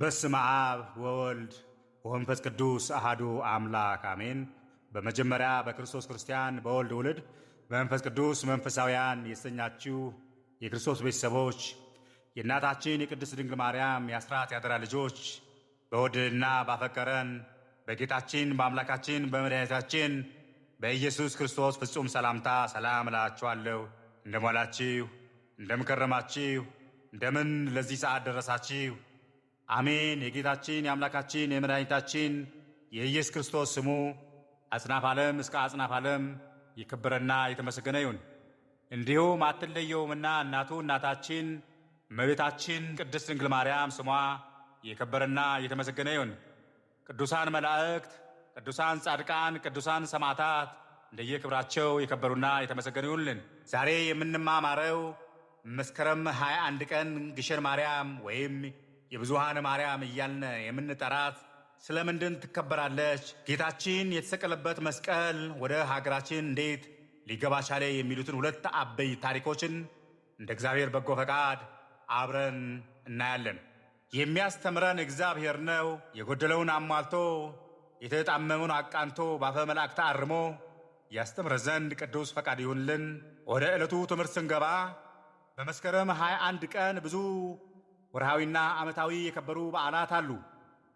በስመ አብ ወወልድ ወመንፈስ ቅዱስ አሃዱ አምላክ አሜን። በመጀመሪያ በክርስቶስ ክርስቲያን በወልድ ውልድ በመንፈስ ቅዱስ መንፈሳውያን የተሰኛችሁ የክርስቶስ ቤተሰቦች የእናታችን የቅድስት ድንግል ማርያም የአስራት ያደራ ልጆች በወደደና ባፈቀረን በጌታችን በአምላካችን በመድኃኒታችን በኢየሱስ ክርስቶስ ፍጹም ሰላምታ ሰላም እላችኋለሁ። እንደምን ዋላችሁ? እንደምን እንደምን ለዚህ ሰዓት ደረሳችሁ? አሜን። የጌታችን የአምላካችን የመድኃኒታችን የኢየሱስ ክርስቶስ ስሙ አጽናፍ ዓለም እስከ አጽናፍ ዓለም የከበረና የተመሰገነ ይሁን። እንዲሁም አትለየውምና እናቱ እናታችን እመቤታችን ቅድስት ድንግል ማርያም ስሟ የከበረና የተመሰገነ ይሁን። ቅዱሳን መላእክት፣ ቅዱሳን ጻድቃን፣ ቅዱሳን ሰማዕታት እንደየክብራቸው የከበሩና የተመሰገኑ ይሁንልን። ዛሬ የምንማማረው መስከረም 21 ቀን ግሸን ማርያም ወይም የብዙሃነ ማርያም እያልነ የምንጠራት ስለምንድን ትከበራለች? ጌታችን የተሰቀለበት መስቀል ወደ ሀገራችን እንዴት ሊገባ ቻለ? የሚሉትን ሁለት አበይ ታሪኮችን እንደ እግዚአብሔር በጎ ፈቃድ አብረን እናያለን። የሚያስተምረን እግዚአብሔር ነው። የጎደለውን አሟልቶ የተጣመመውን አቃንቶ ባፈ መላእክት አርሞ ያስተምረ ዘንድ ቅዱስ ፈቃድ ይሁንልን። ወደ ዕለቱ ትምህርት ስንገባ በመስከረም 21 ቀን ብዙ ወርሃዊና ዓመታዊ የከበሩ በዓላት አሉ።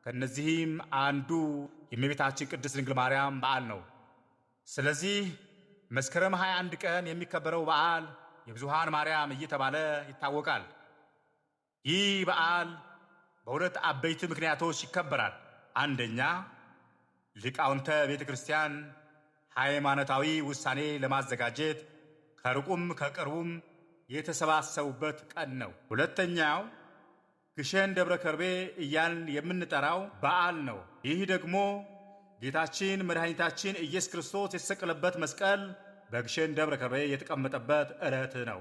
ከእነዚህም አንዱ የእመቤታችን ቅድስት ድንግል ማርያም በዓል ነው። ስለዚህ መስከረም 21 ቀን የሚከበረው በዓል የብዙሃን ማርያም እየተባለ ይታወቃል። ይህ በዓል በሁለት አበይት ምክንያቶች ይከበራል። አንደኛ ሊቃውንተ ቤተ ክርስቲያን ሃይማኖታዊ ውሳኔ ለማዘጋጀት ከርቁም ከቅርቡም የተሰባሰቡበት ቀን ነው። ሁለተኛው ግሸን ደብረ ከርቤ እያልን የምንጠራው በዓል ነው። ይህ ደግሞ ጌታችን መድኃኒታችን ኢየሱስ ክርስቶስ የተሰቀለበት መስቀል በግሸን ደብረ ከርቤ የተቀመጠበት ዕለት ነው።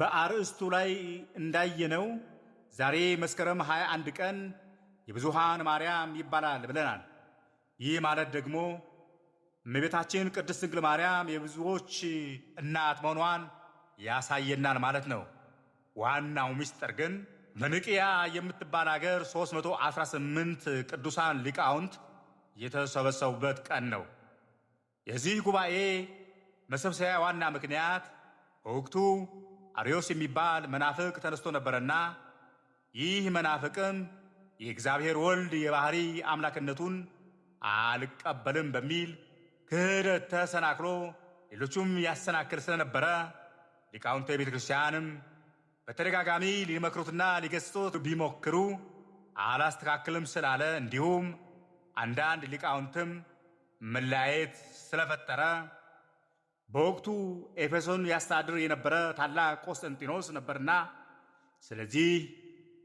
በአርእስቱ ላይ እንዳየነው ዛሬ መስከረም 21 ቀን የብዙሃን ማርያም ይባላል ብለናል። ይህ ማለት ደግሞ እመቤታችን ቅድስት ድንግል ማርያም የብዙዎች እናት መሆኗን ያሳየናል ማለት ነው። ዋናው ምስጢር ግን በኒቅያ የምትባል አገር 318 ቅዱሳን ሊቃውንት የተሰበሰቡበት ቀን ነው። የዚህ ጉባኤ መሰብሰቢያ ዋና ምክንያት በወቅቱ አርዮስ የሚባል መናፍቅ ተነስቶ ነበረና ይህ መናፍቅም የእግዚአብሔር ወልድ የባህሪ አምላክነቱን አልቀበልም በሚል ክህደት ተሰናክሎ ሌሎቹም ያሰናክል ስለነበረ ሊቃውንተ የቤተክርስቲያንም ክርስቲያንም በተደጋጋሚ ሊመክሩትና ሊገስጡት ቢሞክሩ አላስተካክልም ስላለ እንዲሁም አንዳንድ ሊቃውንትም መለያየት ስለፈጠረ በወቅቱ ኤፌሶን ያስተዳድር የነበረ ታላቅ ቆስጠንጢኖስ ነበርና ስለዚህ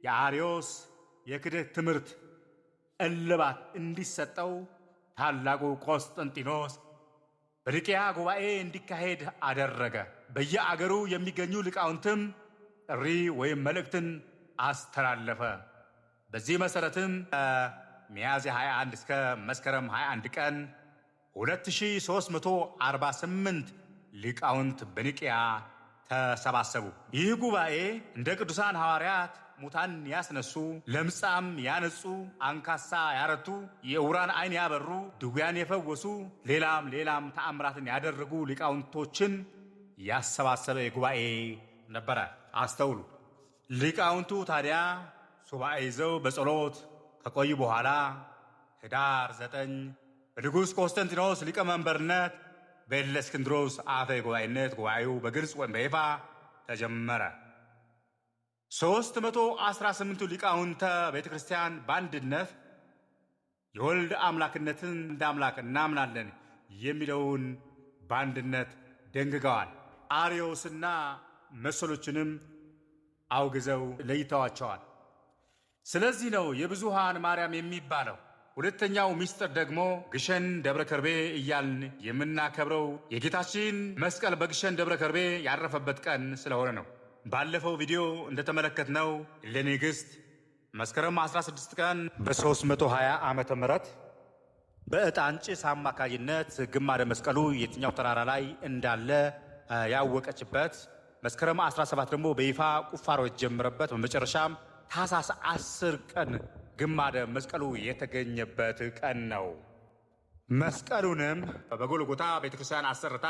የአርዮስ የክደት ትምህርት እልባት እንዲሰጠው ታላቁ ቆስጠንጢኖስ በኒቅያ ጉባኤ እንዲካሄድ አደረገ። በየአገሩ የሚገኙ ሊቃውንትም ጥሪ ወይም መልእክትን አስተላለፈ። በዚህ መሰረትም ሚያዝያ 21 እስከ መስከረም 21 ቀን 2348 ሊቃውንት በኒቅያ ተሰባሰቡ። ይህ ጉባኤ እንደ ቅዱሳን ሐዋርያት ሙታን ያስነሱ፣ ለምጻም ያነጹ፣ አንካሳ ያረቱ፣ የዕውራን አይን ያበሩ፣ ድውያን የፈወሱ፣ ሌላም ሌላም ተአምራትን ያደረጉ ሊቃውንቶችን ያሰባሰበ የጉባኤ ነበረ። አስተውሉ። ሊቃውንቱ ታዲያ ሱባኤ ይዘው በጸሎት ከቆዩ በኋላ ህዳር ዘጠኝ በንጉሥ ኮንስተንቲኖስ ሊቀመንበርነት በእለ አፈ ጉባኤነት ጉባኤው በግልጽ ወይም በይፋ ተጀመረ። ሦስት መቶ አስራ ስምንቱ ሊቃውንተ ቤተ ክርስቲያን በአንድነት የወልድ አምላክነትን እንደ አምላክ እናምናለን የሚለውን በአንድነት ደንግገዋል። አርዮስና መሰሎችንም አውግዘው ለይተዋቸዋል። ስለዚህ ነው የብዙሃን ማርያም የሚባለው። ሁለተኛው ምስጢር ደግሞ ግሸን ደብረ ከርቤ እያልን የምናከብረው የጌታችን መስቀል በግሸን ደብረ ከርቤ ያረፈበት ቀን ስለሆነ ነው። ባለፈው ቪዲዮ እንደተመለከትነው ለንግሥት መስከረም 16 ቀን በ320 ዓመተ ምህረት በዕጣን ጭስ አማካኝነት ግማደ መስቀሉ የትኛው ተራራ ላይ እንዳለ ያወቀችበት መስከረም 17 ደግሞ በይፋ ቁፋሮ የተጀመረበት በመጨረሻም ታኅሳስ 10 ቀን ግማደ መስቀሉ የተገኘበት ቀን ነው። መስቀሉንም በጎልጎታ ቤተክርስቲያን አሰርታ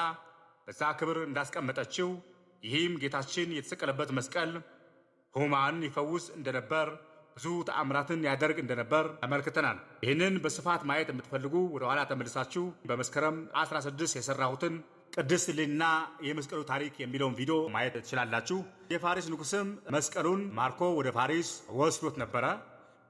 በዛ ክብር እንዳስቀመጠችው ይህም ጌታችን የተሰቀለበት መስቀል ሁማን ይፈውስ እንደነበር ብዙ ተአምራትን ያደርግ እንደነበር ተመልክተናል። ይህንን በስፋት ማየት የምትፈልጉ ወደ ኋላ ተመልሳችሁ በመስከረም 16 የሰራሁትን ቅድስት ኅሊና የመስቀሉ ታሪክ የሚለውን ቪዲዮ ማየት ትችላላችሁ። የፋሪስ ንጉሥም መስቀሉን ማርኮ ወደ ፋሪስ ወስዶት ነበረ።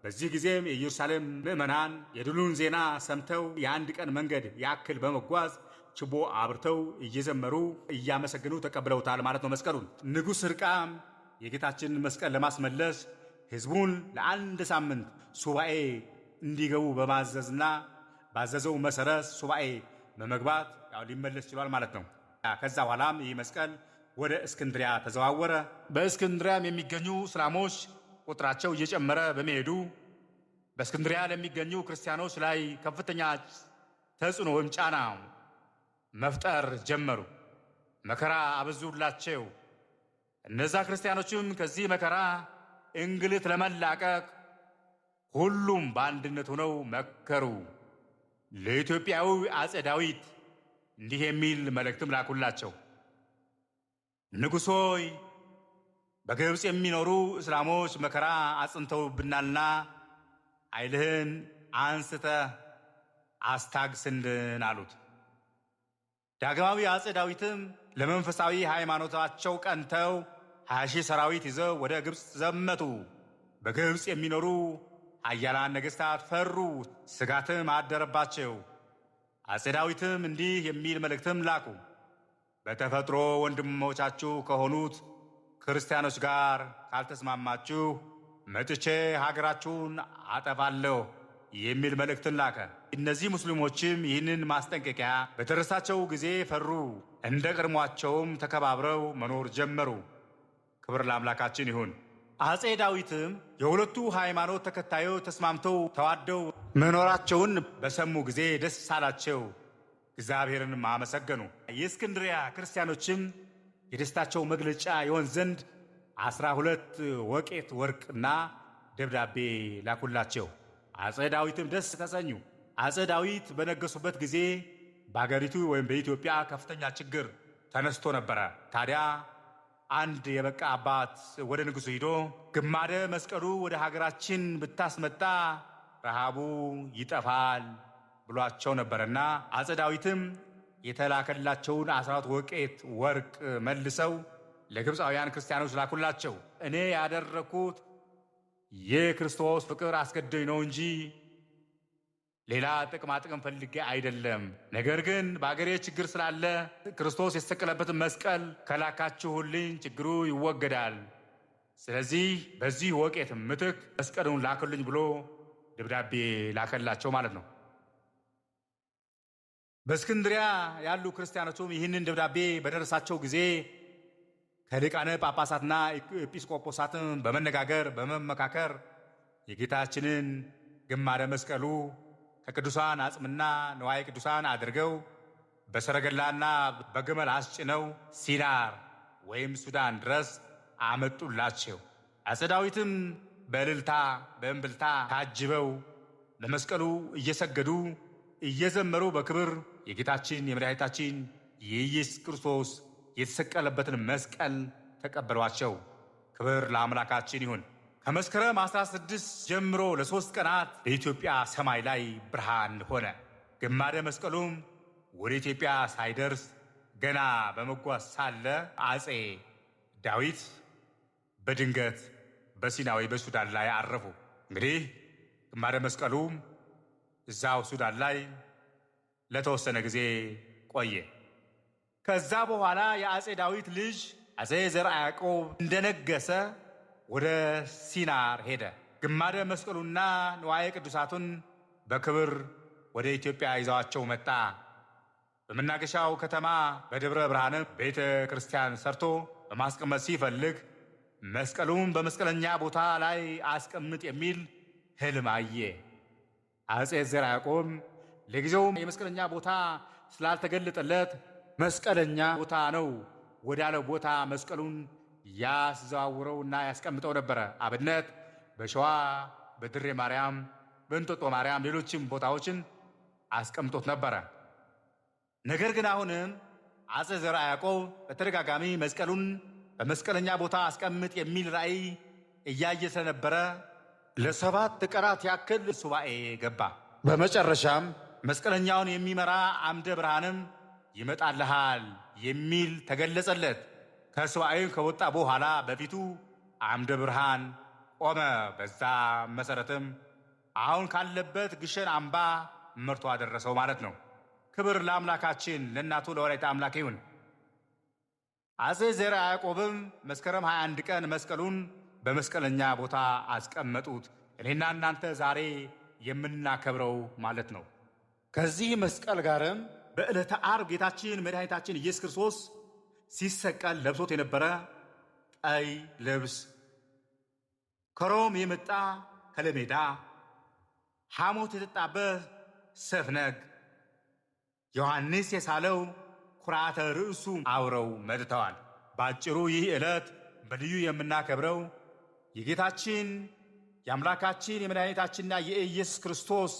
በዚህ ጊዜም የኢየሩሳሌም ምዕመናን የድሉን ዜና ሰምተው የአንድ ቀን መንገድ ያክል በመጓዝ ችቦ አብርተው እየዘመሩ እያመሰግኑ ተቀብለውታል ማለት ነው። መስቀሉን ንጉሥ ሕርቃም የጌታችን መስቀል ለማስመለስ ሕዝቡን ለአንድ ሳምንት ሱባኤ እንዲገቡ በማዘዝና ባዘዘው መሠረት ሱባኤ በመግባት ሊመለስ ችሏል ማለት ነው። ከዛ በኋላም ይህ መስቀል ወደ እስክንድሪያ ተዘዋወረ። በእስክንድሪያም የሚገኙ እስላሞች ቁጥራቸው እየጨመረ በመሄዱ በእስክንድሪያ ለሚገኙ ክርስቲያኖች ላይ ከፍተኛ ተጽዕኖ ወይም ጫና መፍጠር ጀመሩ። መከራ አበዙላቸው። እነዛ ክርስቲያኖችም ከዚህ መከራ እንግልት ለመላቀቅ ሁሉም በአንድነት ሆነው መከሩ። ለኢትዮጵያዊ አጼ ዳዊት እንዲህ የሚል መልእክትም ላኩላቸው። ንጉሥ ሆይ በግብፅ የሚኖሩ እስላሞች መከራ አጽንተውብናልና ኃይልህን አንስተ አስታግስልን አሉት። ዳግማዊ አጼ ዳዊትም ለመንፈሳዊ ሃይማኖታቸው ቀንተው ሀያ ሺህ ሰራዊት ይዘው ወደ ግብፅ ዘመቱ። በግብፅ የሚኖሩ ኃያላን ነገሥታት ፈሩ፣ ስጋትም አደረባቸው። አጼ ዳዊትም እንዲህ የሚል መልእክትም ላኩ። በተፈጥሮ ወንድሞቻችሁ ከሆኑት ክርስቲያኖች ጋር ካልተስማማችሁ መጥቼ ሀገራችሁን አጠፋለሁ የሚል መልእክትን ላከ። እነዚህ ሙስሊሞችም ይህንን ማስጠንቀቂያ በደረሳቸው ጊዜ ፈሩ፣ እንደ ቀድሟቸውም ተከባብረው መኖር ጀመሩ። ክብር ለአምላካችን ይሁን። አጼ ዳዊትም የሁለቱ ሃይማኖት ተከታዮች ተስማምተው ተዋደው መኖራቸውን በሰሙ ጊዜ ደስ አላቸው፣ እግዚአብሔርንም አመሰገኑ። የእስክንድሪያ ክርስቲያኖችም የደስታቸው መግለጫ ይሆን ዘንድ አስራ ሁለት ወቄት ወርቅና ደብዳቤ ላኩላቸው። አጼ ዳዊትም ደስ ተሰኙ። አጼ ዳዊት በነገሱበት ጊዜ በአገሪቱ ወይም በኢትዮጵያ ከፍተኛ ችግር ተነስቶ ነበረ። ታዲያ አንድ የበቃ አባት ወደ ንጉሡ ሂዶ ግማደ መስቀሉ ወደ ሀገራችን ብታስመጣ ረሃቡ ይጠፋል ብሏቸው ነበርና አፄ ዳዊትም የተላከላቸውን አስራት ወቄት ወርቅ መልሰው ለግብፃውያን ክርስቲያኖች ላኩላቸው። እኔ ያደረግኩት የክርስቶስ ፍቅር አስገደኝ ነው እንጂ ሌላ ጥቅማ ጥቅም ፈልጌ አይደለም። ነገር ግን በአገሬ ችግር ስላለ ክርስቶስ የተሰቀለበትን መስቀል ከላካችሁልኝ ችግሩ ይወገዳል። ስለዚህ በዚህ ወቄት ምትክ መስቀሉን ላክልኝ ብሎ ደብዳቤ ላከላቸው ማለት ነው። በእስክንድሪያ ያሉ ክርስቲያኖቹም ይህንን ደብዳቤ በደረሳቸው ጊዜ ከሊቃነ ጳጳሳትና ኤጲስቆጶሳትም በመነጋገር በመመካከር የጌታችንን ግማደ መስቀሉ ከቅዱሳን አጽምና ንዋየ ቅዱሳን አድርገው በሰረገላና በግመል አስጭነው ሲናር ወይም ሱዳን ድረስ አመጡላቸው። አፄ ዳዊትም በእልልታ በእምብልታ ታጅበው ለመስቀሉ እየሰገዱ እየዘመሩ በክብር የጌታችን የመድኃኒታችን የኢየሱስ ክርስቶስ የተሰቀለበትን መስቀል ተቀበሏቸው። ክብር ለአምላካችን ይሁን። ከመስከረም 16 ጀምሮ ለሦስት ቀናት በኢትዮጵያ ሰማይ ላይ ብርሃን ሆነ። ግማደ መስቀሉም ወደ ኢትዮጵያ ሳይደርስ ገና በመጓዝ ሳለ አፄ ዳዊት በድንገት በሲና ወይ በሱዳን ላይ አረፉ። እንግዲህ ግማደ መስቀሉም እዛው ሱዳን ላይ ለተወሰነ ጊዜ ቆየ። ከዛ በኋላ የአጼ ዳዊት ልጅ አጼ ዘርዓ ያዕቆብ እንደነገሰ ወደ ሲናር ሄደ። ግማደ መስቀሉና ንዋየ ቅዱሳቱን በክብር ወደ ኢትዮጵያ ይዘዋቸው መጣ። በመናገሻው ከተማ በደብረ ብርሃን ቤተ ክርስቲያን ሰርቶ በማስቀመጥ ሲፈልግ መስቀሉን በመስቀለኛ ቦታ ላይ አስቀምጥ የሚል ህልም አየ። አጼ ዘርዓ ያዕቆብ ለጊዜውም የመስቀለኛ ቦታ ስላልተገለጠለት መስቀለኛ ቦታ ነው ወዳለው ቦታ መስቀሉን ያስዘዋውረውና ያስቀምጠው ነበረ። አብነት በሸዋ በድሬ ማርያም፣ በእንጦጦ ማርያም፣ ሌሎችም ቦታዎችን አስቀምጦት ነበረ። ነገር ግን አሁንም አጼ ዘርዓ ያዕቆብ በተደጋጋሚ መስቀሉን በመስቀለኛ ቦታ አስቀምጥ የሚል ራእይ እያየ ስለነበረ ለሰባት ቀናት ያክል ሱባኤ ገባ። በመጨረሻም መስቀለኛውን የሚመራ አምደ ብርሃንም ይመጣልሃል የሚል ተገለጸለት። ከሱባኤው ከወጣ በኋላ በፊቱ አምደ ብርሃን ቆመ። በዛ መሰረትም አሁን ካለበት ግሸን አምባ መርቶ አደረሰው ማለት ነው። ክብር ለአምላካችን ለእናቱ ለወላዲተ አምላክ ይሁን። አጼ ዘርዓ ያዕቆብም መስከረም 21 ቀን መስቀሉን በመስቀለኛ ቦታ አስቀመጡት። እኔና እናንተ ዛሬ የምናከብረው ማለት ነው። ከዚህ መስቀል ጋርም በዕለተ ዓርብ ጌታችን መድኃኒታችን ኢየሱስ ክርስቶስ ሲሰቀል ለብሶት የነበረ ቀይ ልብስ ከሮም የመጣ ከለሜዳ ሐሞት የጠጣበት ሰፍነግ ዮሐንስ የሳለው ኩራተ ርዕሱ አብረው መጥተዋል። በአጭሩ ይህ ዕለት በልዩ የምናከብረው የጌታችን የአምላካችን የመድኃኒታችንና የኢየሱስ ክርስቶስ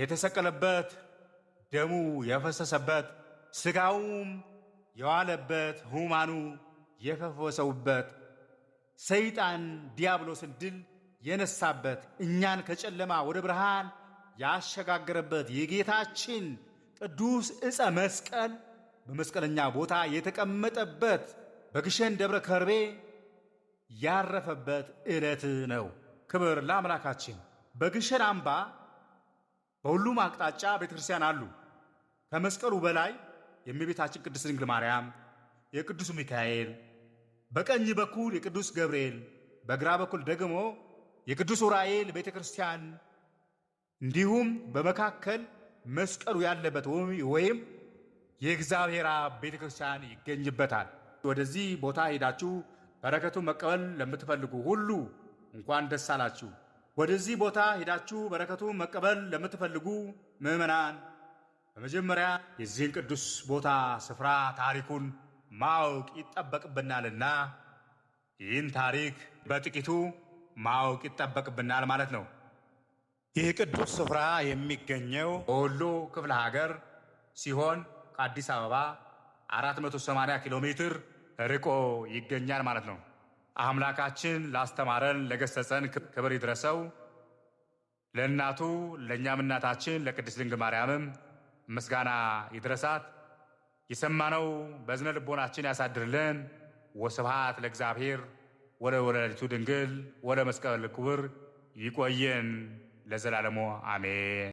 የተሰቀለበት ደሙ የፈሰሰበት ሥጋውም የዋለበት ሕሙማኑ የፈወሰውበት ሰይጣን ዲያብሎስን ድል የነሳበት እኛን ከጨለማ ወደ ብርሃን ያሸጋገረበት የጌታችን ቅዱስ ዕፀ መስቀል በመስቀለኛ ቦታ የተቀመጠበት በግሸን ደብረ ከርቤ ያረፈበት ዕለት ነው። ክብር ለአምላካችን። በግሸን አምባ በሁሉም አቅጣጫ ቤተ ክርስቲያን አሉ። ከመስቀሉ በላይ የእመቤታችን ቅድስት ድንግል ማርያም፣ የቅዱስ ሚካኤል፣ በቀኝ በኩል የቅዱስ ገብርኤል፣ በግራ በኩል ደግሞ የቅዱስ ዑራኤል ቤተ ክርስቲያን እንዲሁም በመካከል መስቀሉ ያለበት ወይም የእግዚአብሔር አብ ቤተ ክርስቲያን ይገኝበታል። ወደዚህ ቦታ ሄዳችሁ በረከቱ መቀበል ለምትፈልጉ ሁሉ እንኳን ደስ አላችሁ። ወደዚህ ቦታ ሄዳችሁ በረከቱ መቀበል ለምትፈልጉ ምዕመናን በመጀመሪያ የዚህን ቅዱስ ቦታ ስፍራ ታሪኩን ማወቅ ይጠበቅብናልና ይህን ታሪክ በጥቂቱ ማወቅ ይጠበቅብናል ማለት ነው። ይህ ቅዱስ ስፍራ የሚገኘው በወሎ ክፍለ ሀገር ሲሆን ከአዲስ አበባ 480 ኪሎ ሜትር ርቆ ይገኛል ማለት ነው። አምላካችን ላስተማረን ለገሰጸን ክብር ይድረሰው። ለእናቱ ለእኛም እናታችን ለቅድስት ድንግል ማርያምም ምስጋና ይድረሳት። የሰማነው በዝነ ልቦናችን ያሳድርልን። ወስብሃት ለእግዚአብሔር ወለሊቱ ድንግል ወለመስቀል ክቡር። ይቆየን ለዘላለሙ አሜን።